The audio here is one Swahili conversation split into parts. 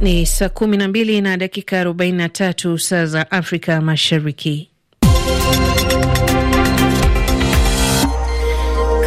Ni saa kumi na mbili na dakika arobaini na tatu saa za Afrika Mashariki.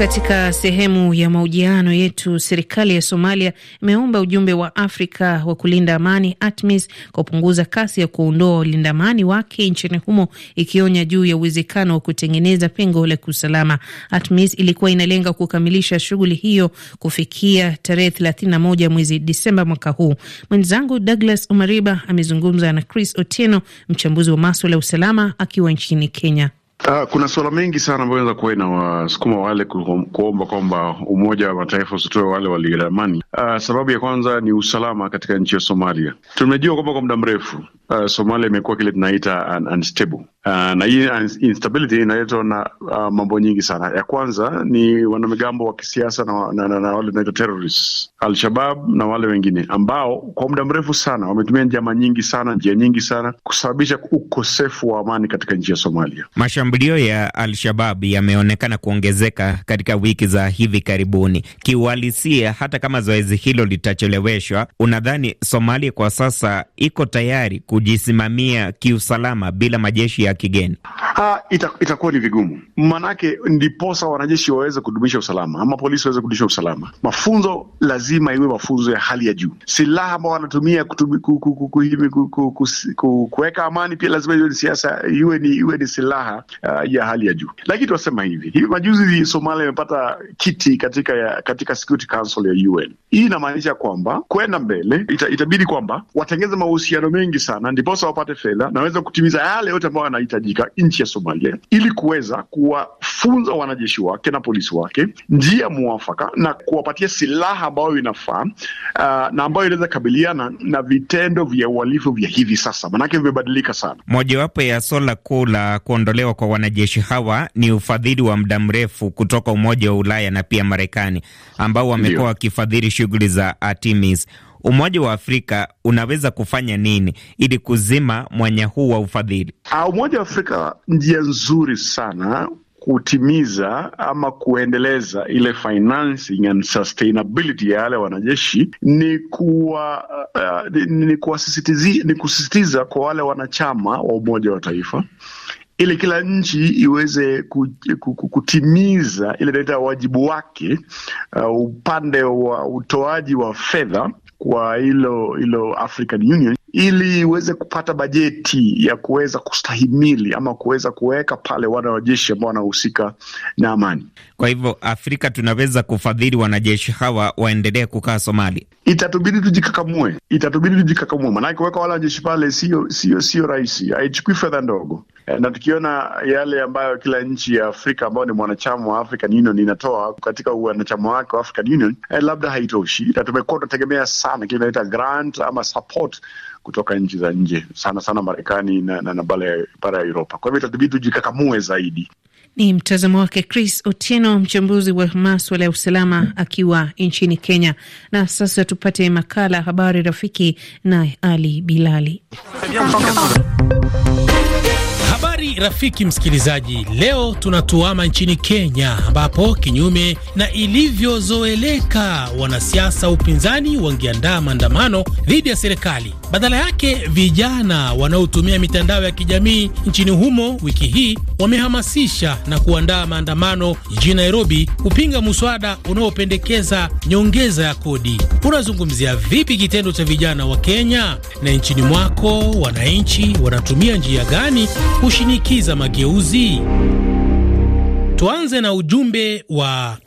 Katika sehemu ya mahojiano yetu, serikali ya Somalia imeomba ujumbe wa Afrika wa kulinda amani ATMIS kupunguza kasi ya kuondoa walinda amani wake nchini humo, ikionya juu ya uwezekano wa kutengeneza pengo la kiusalama. ATMIS ilikuwa inalenga kukamilisha shughuli hiyo kufikia tarehe 31 mwezi Disemba mwaka huu. Mwenzangu Douglas Omariba amezungumza na Chris Otieno, mchambuzi wa maswala ya usalama, akiwa nchini Kenya. Uh, kuna suala mengi sana ambayo inaweza kuwa inawasukuma wale kuomba kwamba Umoja wa Mataifa usitoe wale walioandamana. Uh, sababu ya kwanza ni usalama katika nchi ya Somalia. Tumejua kwamba kwa muda mrefu uh, Somalia imekuwa kile tunaita un unstable uh, na hii instability inaletwa na uh, mambo nyingi sana. Ya kwanza ni wanamigambo wa kisiasa na, na, na, na wale tunaita terrorists Alshabab na wale wengine ambao kwa muda mrefu sana wametumia njama nyingi sana, njia nyingi sana kusababisha ukosefu wa amani katika nchi ya Somalia. Mashambulio ya Alshabab yameonekana kuongezeka katika wiki za hivi karibuni. Kiuhalisia, hata kama zoezi hilo litacheleweshwa, unadhani Somalia kwa sasa iko tayari ku kujisimamia kiusalama bila majeshi ya kigeni? Ha, ah, ita, itakuwa ni vigumu, maanake ndiposa wanajeshi waweze kudumisha usalama ama polisi waweze kudumisha usalama. Mafunzo lazima iwe mafunzo ya hali ya juu. Silaha ambao wanatumia kuweka amani pia lazima iwe ni siasa, iwe ni, iwe ni silaha uh, ya hali ya juu. Lakini tunasema hivi hivi, majuzi Somalia imepata kiti katika katika Security Council ya UN. Hii inamaanisha kwamba kwenda mbele ita, itabidi kwamba watengeze mahusiano mengi sana na ndiposa wapate fedha na waweze kutimiza yale yote ambayo yanahitajika nchi ya Somalia ili kuweza kuwafunza wanajeshi wake na polisi wake njia mwafaka na kuwapatia silaha ambayo inafaa, uh, na ambayo inaweza kabiliana na vitendo vya uhalifu vya hivi sasa, manake vimebadilika sana. Mojawapo ya swala kuu la kuondolewa kwa wanajeshi hawa ni ufadhili wa muda mrefu kutoka Umoja wa Ulaya na pia Marekani ambao wamekuwa wakifadhili shughuli za ATMIS. Umoja wa Afrika unaweza kufanya nini ili kuzima mwanya huu wa ufadhili? Ah, Umoja wa Afrika njia nzuri sana kutimiza ama kuendeleza ile financing and sustainability ya wale wanajeshi ni kuwa, uh, ni, ni kusisitiza kwa wale wanachama wa Umoja wa Taifa ili kila nchi iweze kutimiza ile inaita wajibu wake, uh, upande wa utoaji wa fedha kwa hilo hilo African Union ili iweze kupata bajeti ya kuweza kustahimili ama kuweza kuweka pale wanajeshi ambao wanahusika na amani. Kwa hivyo Afrika tunaweza kufadhili wanajeshi hawa waendelee kukaa Somalia. Itatubidi tujikakamue, itatubidi tujikakamue, maanake kuweka wale wanajeshi pale sio sio sio rahisi, haichukui fedha ndogo. Eh, na tukiona yale ambayo kila nchi ya Afrika ambayo ni mwanachama wa African Union inatoa katika wanachama wake wa African Union eh, labda haitoshi, na tumekuwa tunategemea sana kile inaita grant ama support kutoka nchi za nje, sana sana Marekani na, na, na bara ya Uropa. Kwa hivyo itatubidi tujikakamue zaidi. Ni mtazamo wake Chris Otieno, mchambuzi wa maswala ya usalama akiwa nchini Kenya. Na sasa tupate makala Habari Rafiki naye Ali Bilali. Habari rafiki msikilizaji, leo tunatuama nchini Kenya ambapo kinyume na ilivyozoeleka wanasiasa upinzani wangeandaa maandamano dhidi ya serikali. Badala yake, vijana wanaotumia mitandao ya kijamii nchini humo wiki hii wamehamasisha na kuandaa maandamano jijini Nairobi kupinga muswada unaopendekeza nyongeza ya kodi. Unazungumzia vipi kitendo cha vijana wa Kenya? Na nchini mwako wananchi wanatumia njia gani? kushinikiza mageuzi? Tuanze na ujumbe wa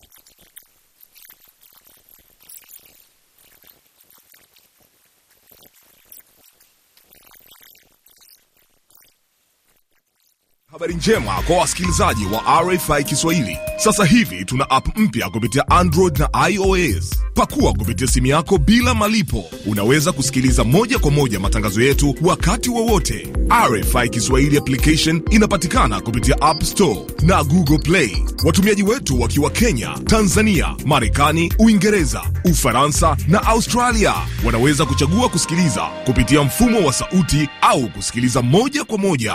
Habari njema kwa wasikilizaji wa RFI Kiswahili. Sasa hivi tuna app mpya kupitia Android na iOS. Pakua kupitia simu yako bila malipo. Unaweza kusikiliza moja kwa moja matangazo yetu wakati wowote RFI Kiswahili application inapatikana kupitia App Store na Google Play. Watumiaji wetu wakiwa Kenya, Tanzania, Marekani, Uingereza, Ufaransa na Australia wanaweza kuchagua kusikiliza kupitia mfumo wa sauti au kusikiliza moja kwa moja.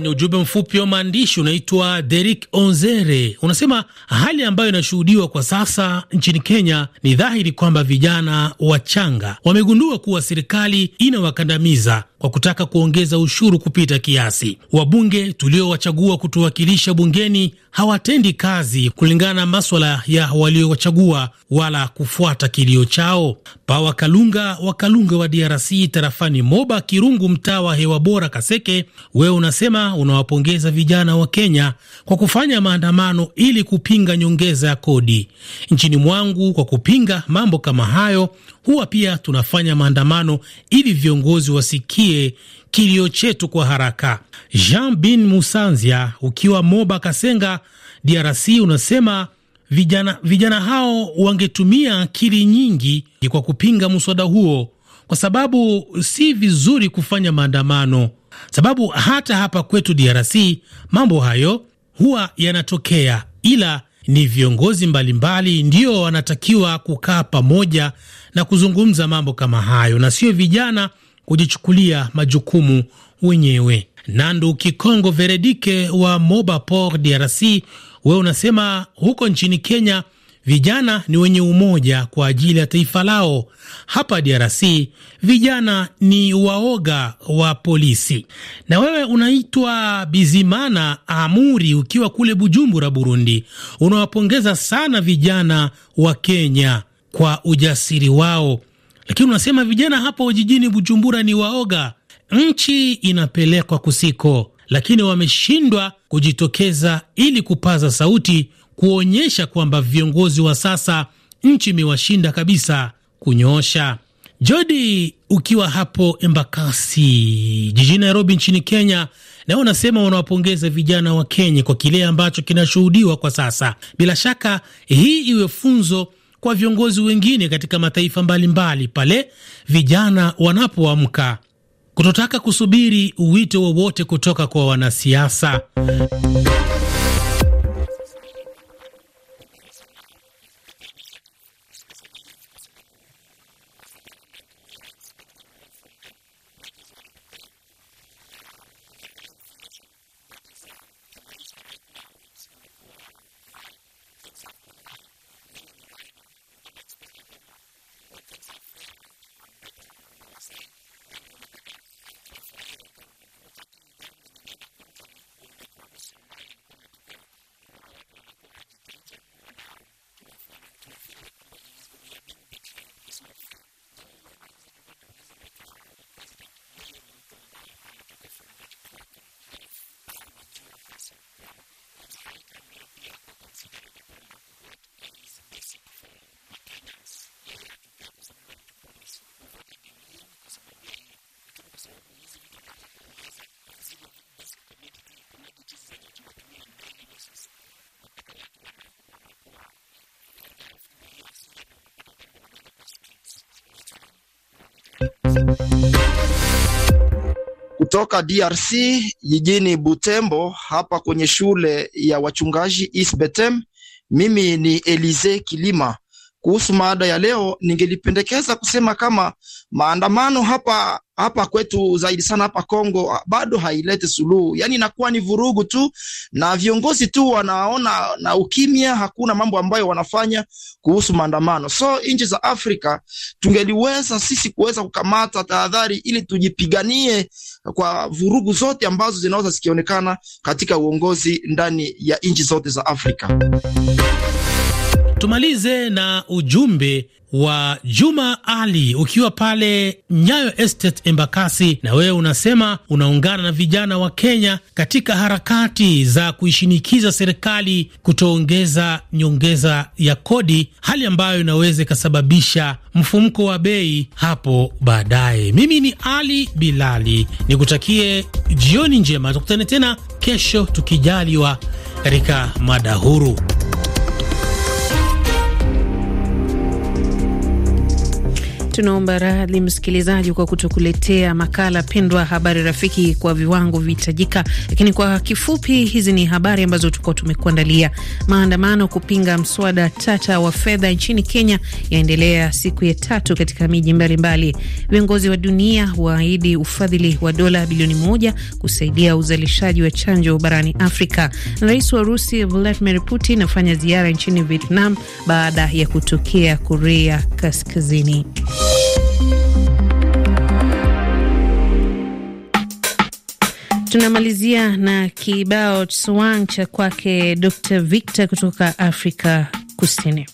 kwenye ujumbe mfupi wa maandishi unaitwa Derik Onzere, unasema hali ambayo inashuhudiwa kwa sasa nchini Kenya ni dhahiri kwamba vijana wachanga wamegundua kuwa serikali inawakandamiza kwa kutaka kuongeza ushuru kupita kiasi. Wabunge tuliowachagua kutuwakilisha bungeni hawatendi kazi kulingana na maswala ya waliowachagua wala kufuata kilio chao. Pawa Kalunga wa Kalunga wa DRC tarafani Moba Kirungu, mtaa wa hewa bora Kaseke, wewe unasema unawapongeza vijana wa Kenya kwa kufanya maandamano ili kupinga nyongeza ya kodi nchini mwangu. Kwa kupinga mambo kama hayo, huwa pia tunafanya maandamano ili viongozi wasikie kilio chetu kwa haraka. Jean Bin Musanzia, ukiwa Moba Kasenga, DRC, unasema vijana, vijana hao wangetumia akili nyingi kwa kupinga mswada huo, kwa sababu si vizuri kufanya maandamano, sababu hata hapa kwetu DRC mambo hayo huwa yanatokea, ila ni viongozi mbalimbali ndio wanatakiwa kukaa pamoja na kuzungumza mambo kama hayo, na sio vijana kujichukulia majukumu wenyewe. Nandu Kikongo Veredike wa Mobapor DRC, wewe unasema huko nchini Kenya vijana ni wenye umoja kwa ajili ya taifa lao. Hapa DRC vijana ni waoga wa polisi. Na wewe unaitwa Bizimana Amuri ukiwa kule Bujumbura, Burundi, unawapongeza sana vijana wa Kenya kwa ujasiri wao lakini unasema vijana hapo jijini Bujumbura ni waoga, nchi inapelekwa kusiko, lakini wameshindwa kujitokeza ili kupaza sauti, kuonyesha kwamba viongozi wa sasa nchi imewashinda kabisa kunyoosha. Jodi, ukiwa hapo Embakasi jijini Nairobi nchini Kenya, nao unasema wanawapongeza vijana wa Kenya kwa kile ambacho kinashuhudiwa kwa sasa. Bila shaka hii iwe funzo kwa viongozi wengine katika mataifa mbalimbali pale vijana wanapoamka, kutotaka kusubiri wito wowote kutoka kwa wanasiasa. kutoka DRC jijini Butembo, hapa kwenye shule ya wachungaji East Betem. Mimi ni Elize Kilima kuhusu maada ya leo, ningelipendekeza kusema kama maandamano hapa hapa kwetu zaidi sana hapa Kongo ah, bado hailete suluhu, yaani inakuwa ni vurugu tu, na viongozi tu wanaona na ukimya, hakuna mambo ambayo wanafanya kuhusu maandamano. So nchi za Afrika tungeliweza sisi kuweza kukamata tahadhari, ili tujipiganie kwa vurugu zote ambazo zinaweza zikionekana katika uongozi ndani ya nchi zote za Afrika. Tumalize na ujumbe wa Juma Ali ukiwa pale Nyayo Estate Embakasi, na wewe unasema unaungana na vijana wa Kenya katika harakati za kuishinikiza serikali kutoongeza nyongeza ya kodi, hali ambayo inaweza ikasababisha mfumko wa bei hapo baadaye. Mimi ni Ali Bilali, nikutakie jioni njema, tukutane tena kesho tukijaliwa katika mada huru. tunaomba radhi msikilizaji kwa kutokuletea makala pendwa habari rafiki kwa viwango vitajika, lakini kwa kifupi, hizi ni habari ambazo tukuwa tumekuandalia. Maandamano kupinga mswada tata wa fedha nchini Kenya yaendelea siku ya tatu katika miji mbalimbali. Viongozi wa dunia waahidi ufadhili wa dola bilioni moja kusaidia uzalishaji wa chanjo barani Afrika. Rais wa Rusi Vladimir Putin afanya ziara nchini Vietnam baada ya kutokea Korea Kaskazini. Tunamalizia na kibao swang cha kwake Dr Victor kutoka Afrika Kusini.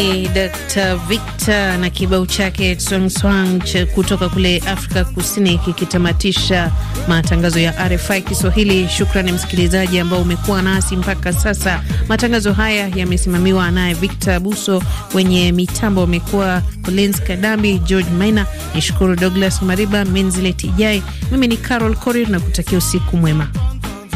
ni Dr. Victor na kibao chake Swang kutoka kule Afrika Kusini kikitamatisha matangazo ya RFI Kiswahili. Shukrani msikilizaji ambao umekuwa nasi mpaka sasa. Matangazo haya yamesimamiwa naye Victor Buso, wenye mitambo wamekuwa Collins Kadambi, George Maina. Nishukuru Douglas Mariba, Menzileti Jai. Mimi ni Carol Korir na kutakia usiku mwema.